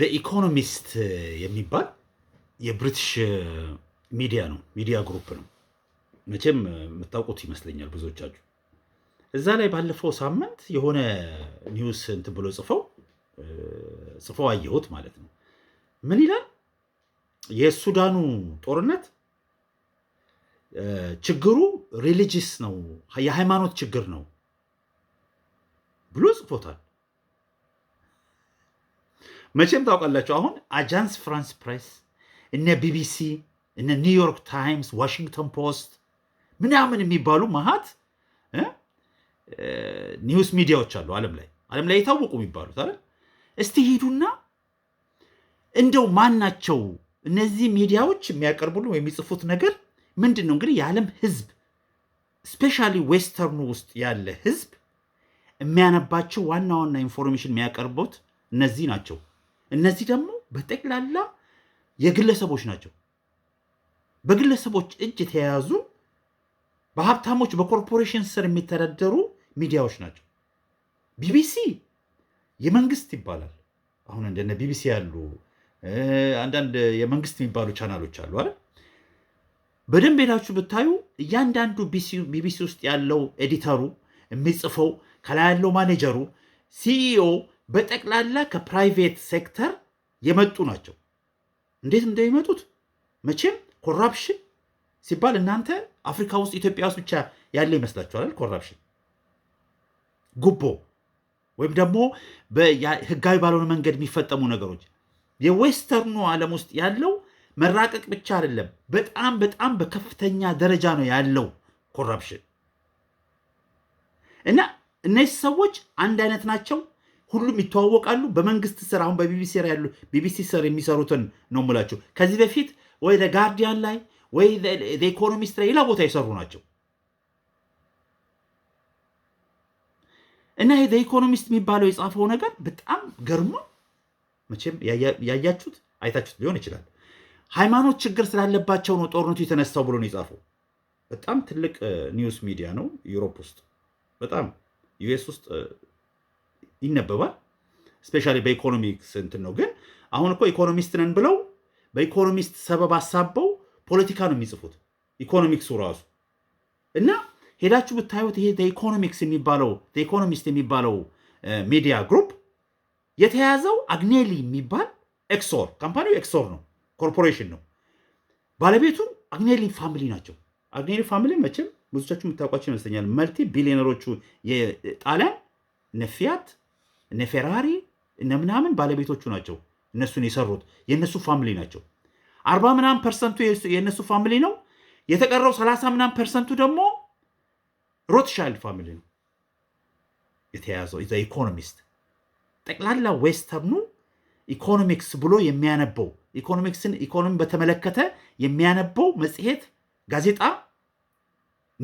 ዘ ኢኮኖሚስት uh, የሚባል የብሪትሽ uh, ሚዲያ ነው፣ ሚዲያ ግሩፕ ነው። መቼም uh, የምታውቁት ይመስለኛል ብዙዎቻችሁ። እዛ ላይ ባለፈው ሳምንት የሆነ ኒውስ እንትን ብሎ ጽፈው ጽፈው አየሁት ማለት ነው። ምን ይላል? የሱዳኑ ጦርነት ችግሩ ሪሊጂስ ነው፣ የሃይማኖት ችግር ነው ብሎ ጽፎታል። መቼም ታውቃላችሁ አሁን አጃንስ ፍራንስ ፕሬስ እነ ቢቢሲ እነ ኒውዮርክ ታይምስ፣ ዋሽንግተን ፖስት ምናምን የሚባሉ መሀት ኒውስ ሚዲያዎች አሉ ዓለም ላይ ዓለም ላይ የታወቁ የሚባሉት አለ። እስቲ ሂዱና እንደው ማን ናቸው እነዚህ ሚዲያዎች የሚያቀርቡልን የሚጽፉት ነገር ምንድን ነው? እንግዲህ የዓለም ህዝብ ስፔሻሊ ዌስተርኑ ውስጥ ያለ ህዝብ የሚያነባቸው ዋና ዋና ኢንፎርሜሽን የሚያቀርቡት እነዚህ ናቸው። እነዚህ ደግሞ በጠቅላላ የግለሰቦች ናቸው። በግለሰቦች እጅ የተያያዙ በሀብታሞች በኮርፖሬሽን ስር የሚተዳደሩ ሚዲያዎች ናቸው። ቢቢሲ የመንግስት ይባላል። አሁን እንደነ ቢቢሲ ያሉ አንዳንድ የመንግስት የሚባሉ ቻናሎች አሉ አይደል? በደንብ ሄዳችሁ ብታዩ እያንዳንዱ ቢቢሲ ውስጥ ያለው ኤዲተሩ የሚጽፈው ከላይ ያለው ማኔጀሩ፣ ሲኢኦ በጠቅላላ ከፕራይቬት ሴክተር የመጡ ናቸው። እንዴት እንደሚመጡት መቼም ኮራፕሽን ሲባል እናንተ አፍሪካ ውስጥ ኢትዮጵያ ውስጥ ብቻ ያለ ይመስላችኋል። ኮራፕሽን ጉቦ፣ ወይም ደግሞ ህጋዊ ባልሆነ መንገድ የሚፈጠሙ ነገሮች የዌስተርኑ ዓለም ውስጥ ያለው መራቀቅ ብቻ አይደለም፣ በጣም በጣም በከፍተኛ ደረጃ ነው ያለው ኮራፕሽን እና እነዚህ ሰዎች አንድ አይነት ናቸው። ሁሉም ይተዋወቃሉ። በመንግስት ስር አሁን በቢቢሲ ያሉ ቢቢሲ ስር የሚሰሩትን ነው የምላቸው። ከዚህ በፊት ወይ ጋርዲያን ላይ ወይ ኢኮኖሚስት ላይ ሌላ ቦታ የሰሩ ናቸው እና ይሄ ኢኮኖሚስት የሚባለው የጻፈው ነገር በጣም ገርሞ መቼም ያያችሁት አይታችሁት ሊሆን ይችላል። ሃይማኖት ችግር ስላለባቸው ነው ጦርነቱ የተነሳው ብሎ ነው የጻፈው። በጣም ትልቅ ኒውስ ሚዲያ ነው ዩሮፕ ውስጥ በጣም ዩኤስ ውስጥ ይነበባል። ስፔሻሊ በኢኮኖሚክስ እንትን ነው። ግን አሁን እኮ ኢኮኖሚስት ነን ብለው በኢኮኖሚስት ሰበብ አሳበው ፖለቲካ ነው የሚጽፉት ኢኮኖሚክሱ ራሱ እና ሄዳችሁ ብታዩት ይሄ ኢኮኖሚክስ የሚባለው ኢኮኖሚስት የሚባለው ሚዲያ ግሩፕ የተያዘው አግኔሊ የሚባል ኤክሶር ካምፓኒው ኤክሶር ነው፣ ኮርፖሬሽን ነው። ባለቤቱ አግኔሊ ፋሚሊ ናቸው። አግኔሊ ፋሚሊ መቼም ብዙቻችሁ የምታውቋቸው ይመስለኛል። መልቲ ቢሊዮነሮቹ የጣሊያን ነፊያት እነ ፌራሪ እነ ምናምን ባለቤቶቹ ናቸው። እነሱን የሰሩት የእነሱ ፋሚሊ ናቸው። አርባ ምናምን ፐርሰንቱ የእነሱ ፋሚሊ ነው። የተቀረው ሰላሳ ምናምን ፐርሰንቱ ደግሞ ሮትሻይልድ ፋሚሊ ነው የተያዘው። ዘ ኢኮኖሚስት ጠቅላላ ዌስተርኑ ኢኮኖሚክስ ብሎ የሚያነበው ኢኮኖሚክስን ኢኮኖሚ በተመለከተ የሚያነበው መጽሔት፣ ጋዜጣ፣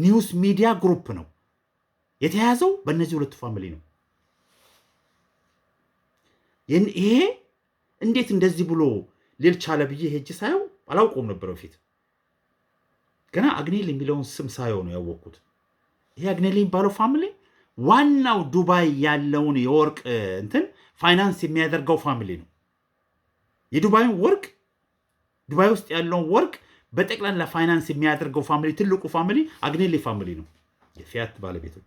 ኒውስ ሚዲያ ግሩፕ ነው የተያዘው በእነዚህ ሁለቱ ፋሚሊ ነው። ይሄ እንዴት እንደዚህ ብሎ ሌል ቻለ ብዬ ሄጅ ሳየው አላውቀውም ነበር በፊት። ገና አግኔል የሚለውን ስም ሳየው ነው ያወቅኩት። ይሄ አግኔል የሚባለው ፋሚሊ ዋናው ዱባይ ያለውን የወርቅ እንትን ፋይናንስ የሚያደርገው ፋሚሊ ነው። የዱባይን ወርቅ ዱባይ ውስጥ ያለውን ወርቅ በጠቅላላ ፋይናንስ የሚያደርገው ፋሚሊ ትልቁ ፋሚሊ አግኔሌ ፋሚሊ ነው። የፊያት ባለቤቶች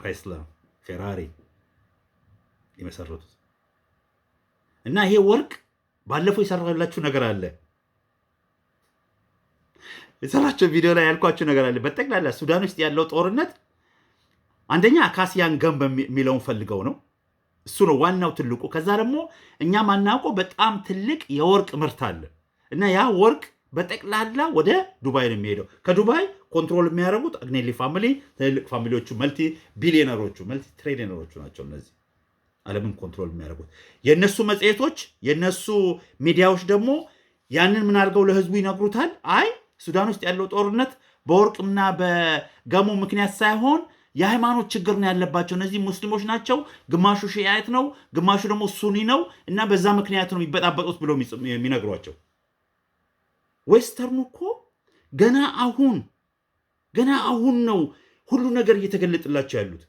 ክራይስለር፣ ፌራሪ የመሰረቱት እና ይሄ ወርቅ ባለፈው የሰራላችሁ ነገር አለ የሰራቸው ቪዲዮ ላይ ያልኳችሁ ነገር አለ። በጠቅላላ ሱዳን ውስጥ ያለው ጦርነት አንደኛ አካሲያን ገንብ የሚለውን ፈልገው ነው። እሱ ነው ዋናው ትልቁ። ከዛ ደግሞ እኛ ማናውቀው በጣም ትልቅ የወርቅ ምርት አለ እና ያ ወርቅ በጠቅላላ ወደ ዱባይ ነው የሚሄደው። ከዱባይ ኮንትሮል የሚያደርጉት አግኔሊ ፋሚሊ፣ ትልልቅ ፋሚሊዎቹ፣ መልቲ ቢሊዮነሮቹ፣ መልቲ ትሪሊዮነሮቹ ናቸው እነዚህ ዓለምን ኮንትሮል የሚያደርጉት የእነሱ መጽሔቶች፣ የእነሱ ሚዲያዎች ደግሞ ያንን ምን አድርገው ለህዝቡ ይነግሩታል። አይ ሱዳን ውስጥ ያለው ጦርነት በወርቅና በገሞ ምክንያት ሳይሆን የሃይማኖት ችግር ነው ያለባቸው። እነዚህ ሙስሊሞች ናቸው፣ ግማሹ ሺዓት ነው፣ ግማሹ ደግሞ ሱኒ ነው እና በዛ ምክንያት ነው የሚበጣበጡት ብለው የሚነግሯቸው። ዌስተርኑ እኮ ገና አሁን ገና አሁን ነው ሁሉ ነገር እየተገለጥላቸው ያሉት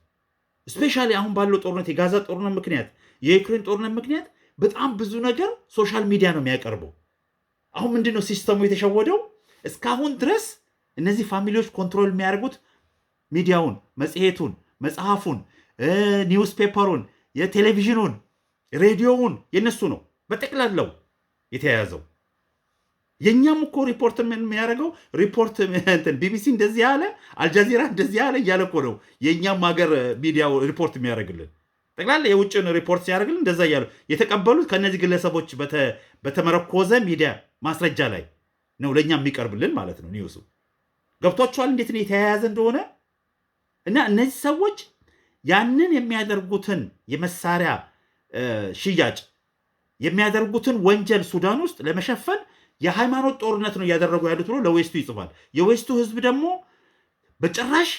ስፔሻሊ አሁን ባለው ጦርነት የጋዛ ጦርነት ምክንያት የዩክሬን ጦርነት ምክንያት በጣም ብዙ ነገር ሶሻል ሚዲያ ነው የሚያቀርበው። አሁን ምንድን ነው ሲስተሙ የተሸወደው? እስካሁን ድረስ እነዚህ ፋሚሊዎች ኮንትሮል የሚያደርጉት ሚዲያውን፣ መጽሔቱን፣ መጽሐፉን፣ ኒውስ ፔፐሩን፣ የቴሌቪዥኑን፣ ሬዲዮውን የነሱ ነው በጠቅላላው የተያያዘው። የእኛም እኮ ሪፖርት የሚያደርገው ሪፖርት ቢቢሲ እንደዚህ ያለ አልጃዚራ እንደዚህ ያለ እያለ እኮ ነው የእኛም ሀገር ሚዲያ ሪፖርት የሚያደርግልን። ጠቅላላ የውጭን ሪፖርት ሲያደርግልን እንደዛ እያሉ የተቀበሉት ከእነዚህ ግለሰቦች በተመረኮዘ ሚዲያ ማስረጃ ላይ ነው ለእኛ የሚቀርብልን ማለት ነው። ኒውሱ ገብቷችኋል? እንዴት ነው የተያያዘ እንደሆነ እና እነዚህ ሰዎች ያንን የሚያደርጉትን የመሳሪያ ሽያጭ የሚያደርጉትን ወንጀል ሱዳን ውስጥ ለመሸፈን የሃይማኖት ጦርነት ነው እያደረጉ ያሉት ብሎ ለዌስቱ ይጽፋል። የዌስቱ ህዝብ ደግሞ በጭራሽ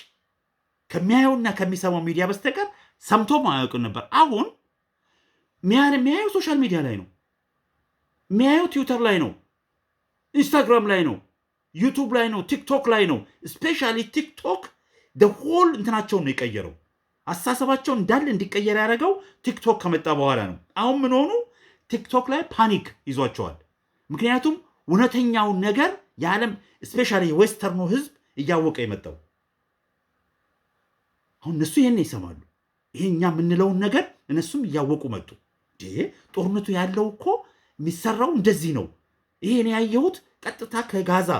ከሚያየውና ከሚሰማው ሚዲያ በስተቀር ሰምቶ ማያውቅ ነበር። አሁን የሚያየው ሶሻል ሚዲያ ላይ ነው፣ የሚያየው ትዊተር ላይ ነው፣ ኢንስታግራም ላይ ነው፣ ዩቱብ ላይ ነው፣ ቲክቶክ ላይ ነው። ስፔሻሊ ቲክቶክ ደሆል እንትናቸውን ነው የቀየረው። አስተሳሰባቸው እንዳለ እንዲቀየር ያደረገው ቲክቶክ ከመጣ በኋላ ነው። አሁን ምን ሆኑ? ቲክቶክ ላይ ፓኒክ ይዟቸዋል። ምክንያቱም እውነተኛውን ነገር የዓለም ስፔሻሊ የዌስተርኑ ህዝብ እያወቀ የመጣው አሁን እነሱ ይህን ይሰማሉ። ይሄ እኛ የምንለውን ነገር እነሱም እያወቁ መጡ። ጦርነቱ ያለው እኮ የሚሰራው እንደዚህ ነው። ይሄን ያየሁት ቀጥታ ከጋዛ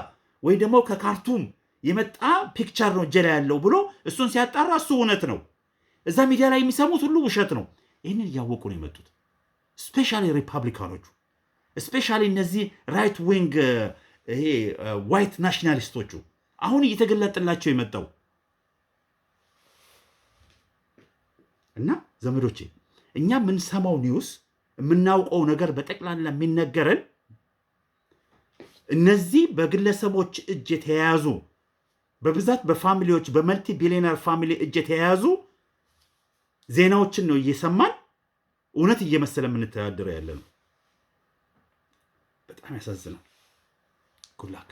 ወይ ደግሞ ከካርቱም የመጣ ፒክቸር ነው ጀላ ያለው ብሎ እሱን ሲያጣራ እሱ እውነት ነው። እዛ ሚዲያ ላይ የሚሰሙት ሁሉ ውሸት ነው። ይህንን እያወቁ ነው የመጡት ስፔሻሊ ሪፐብሊካኖቹ። ስፔሻሊ እነዚህ ራይት ዊንግ uh, ይሄ ዋይት uh, ናሽናሊስቶቹ አሁን እየተገለጥላቸው የመጣው እና ዘመዶቼ እኛ የምንሰማው ኒውስ የምናውቀው ነገር በጠቅላላ የሚነገረን እነዚህ በግለሰቦች እጅ የተያያዙ በብዛት በፋሚሊዎች በመልቲ ቢሊዮነር ፋሚሊ እጅ የተያያዙ ዜናዎችን ነው እየሰማን እውነት እየመሰለ የምንተዳደረው ያለ ነው። በጣም ያሳዝናል። ኩላክ